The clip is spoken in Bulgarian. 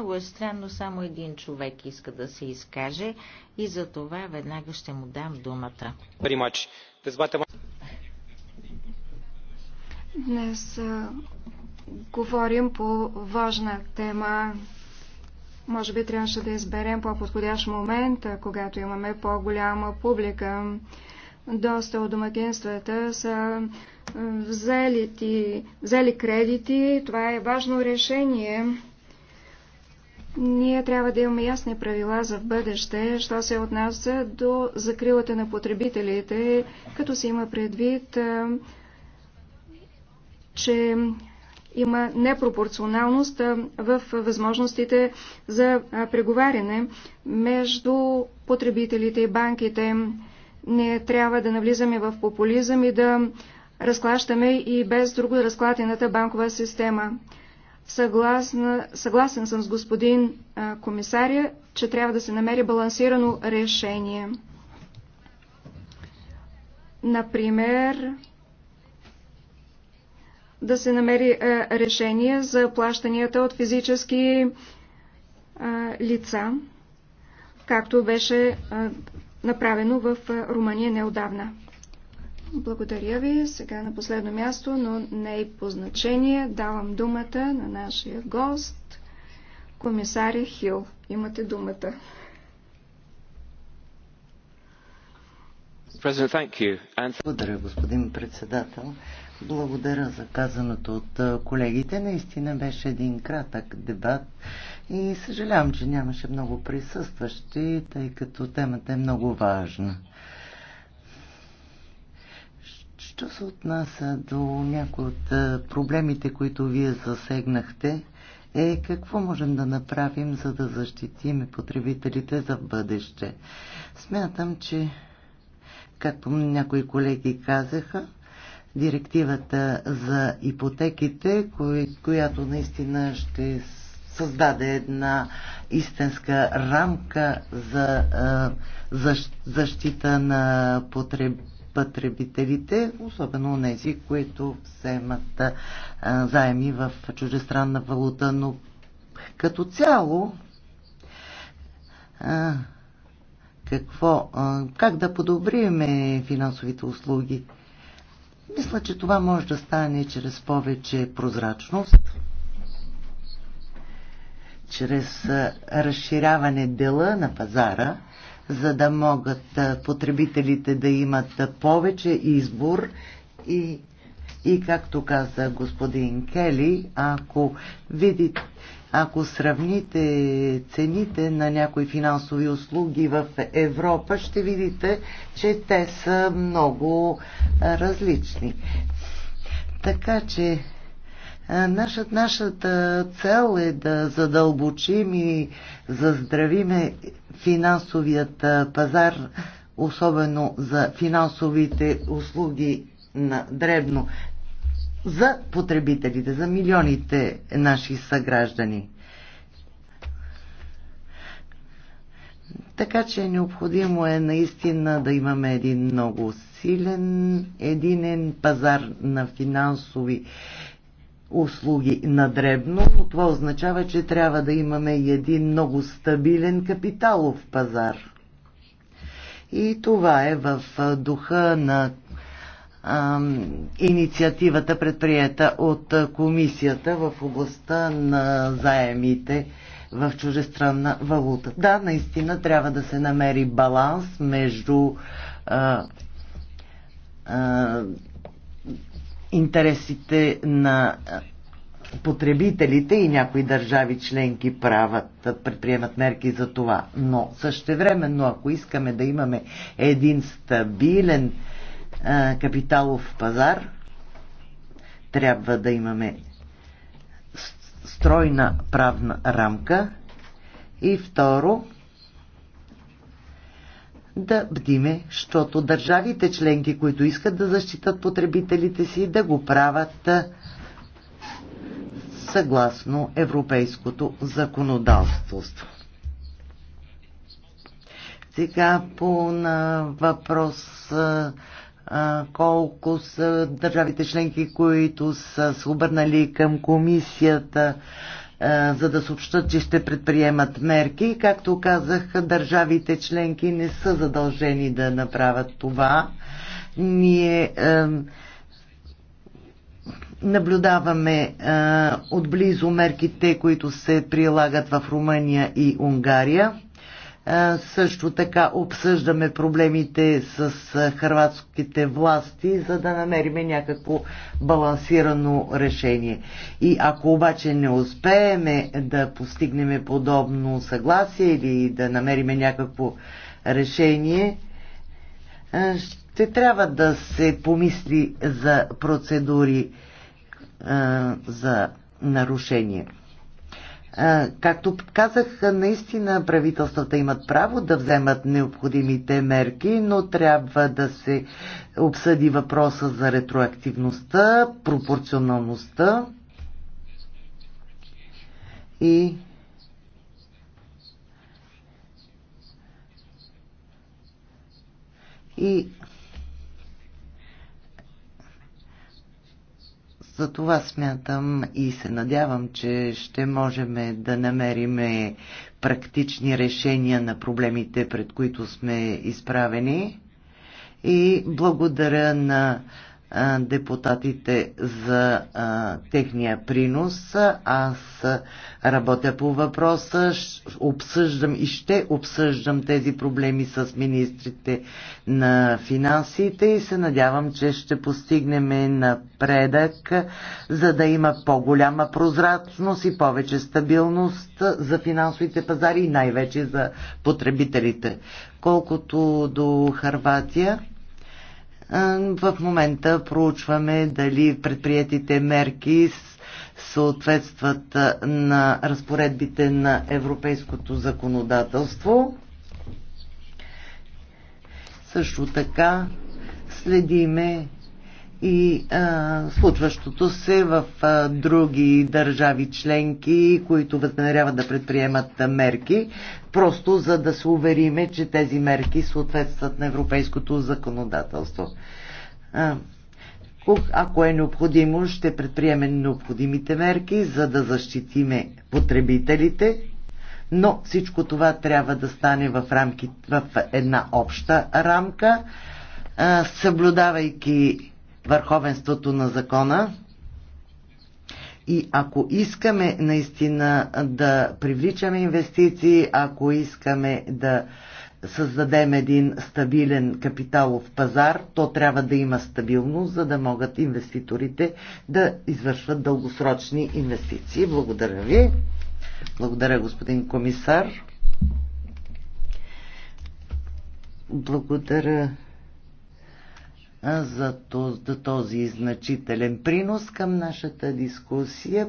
Много е странно, само един човек иска да се изкаже и за това веднага ще му дам думата. Днес а, говорим по важна тема. Може би трябваше да изберем по-подходящ момент, когато имаме по-голяма публика. Доста от домакинствата са взели, ти, взели кредити. Това е важно решение ние трябва да имаме ясни правила за в бъдеще, що се отнася до закрилата на потребителите, като се има предвид, че има непропорционалност в възможностите за преговаряне между потребителите и банките. Не трябва да навлизаме в популизъм и да разклащаме и без друго разклатената банкова система. Съгласна, съгласен съм с господин а, комисаря, че трябва да се намери балансирано решение. Например, да се намери а, решение за плащанията от физически а, лица, както беше а, направено в а, Румъния неодавна. Благодаря ви. Сега на последно място, но не и по значение, давам думата на нашия гост, комисаря Хил. Имате думата. Благодаря, господин председател. Благодаря за казаното от колегите. Наистина беше един кратък дебат и съжалявам, че нямаше много присъстващи, тъй като темата е много важна. Що се отнася до някои от проблемите, които вие засегнахте, е какво можем да направим, за да защитим потребителите за бъдеще. Смятам, че, както някои колеги казаха, директивата за ипотеките, която наистина ще създаде една истинска рамка за защита на потребителите, потребителите, особено тези, които вземат а, заеми в чужестранна валута, но като цяло а, какво, а, как да подобриме финансовите услуги? Мисля, че това може да стане чрез повече прозрачност, чрез разширяване дела на пазара, за да могат потребителите да имат повече избор и, и както каза господин Кели, ако видите ако сравните цените на някои финансови услуги в Европа, ще видите, че те са много различни. Така че Нашата, нашата цел е да задълбочим и заздравиме финансовият пазар, особено за финансовите услуги на дребно, за потребителите, за милионите наши съграждани. Така че необходимо е наистина да имаме един много силен, единен пазар на финансови услуги на дребно, но това означава, че трябва да имаме и един много стабилен капиталов пазар. И това е в духа на инициативата предприета от комисията в областта на заемите в чужестранна валута. Да, наистина трябва да се намери баланс между а, а, интересите на потребителите и някои държави членки правят, предприемат мерки за това. Но същевременно, ако искаме да имаме един стабилен а, капиталов пазар, трябва да имаме стройна правна рамка и второ, да бдиме, защото държавите членки, които искат да защитат потребителите си, да го правят съгласно европейското законодателство. Сега по на въпрос колко са държавите членки, които са се обърнали към комисията е, за да съобщат, че ще предприемат мерки. Както казах, държавите членки не са задължени да направят това. Ние е, наблюдаваме е, отблизо мерките, които се прилагат в Румъния и Унгария. Също така обсъждаме проблемите с хрватските власти, за да намерим някакво балансирано решение. И ако обаче не успееме да постигнем подобно съгласие или да намерим някакво решение, ще трябва да се помисли за процедури за нарушение. Както казах, наистина правителствата имат право да вземат необходимите мерки, но трябва да се обсъди въпроса за ретроактивността, пропорционалността и и За това смятам и се надявам, че ще можем да намерим практични решения на проблемите, пред които сме изправени. И благодаря на депутатите за а, техния принос. Аз работя по въпроса, обсъждам и ще обсъждам тези проблеми с министрите на финансите и се надявам, че ще постигнем напредък, за да има по-голяма прозрачност и повече стабилност за финансовите пазари и най-вече за потребителите. Колкото до Харватия, в момента проучваме дали предприятите мерки съответстват на разпоредбите на европейското законодателство. Също така следиме и а, случващото се в а, други държави членки, които възнамеряват да предприемат а, мерки, просто за да се увериме, че тези мерки съответстват на европейското законодателство. А, ако е необходимо, ще предприемем необходимите мерки, за да защитиме потребителите, но всичко това трябва да стане в, рамки, в една обща рамка, съблюдавайки върховенството на закона. И ако искаме наистина да привличаме инвестиции, ако искаме да създадем един стабилен капиталов пазар, то трябва да има стабилност, за да могат инвеститорите да извършват дългосрочни инвестиции. Благодаря ви. Благодаря, господин комисар. Благодаря за този значителен принос към нашата дискусия.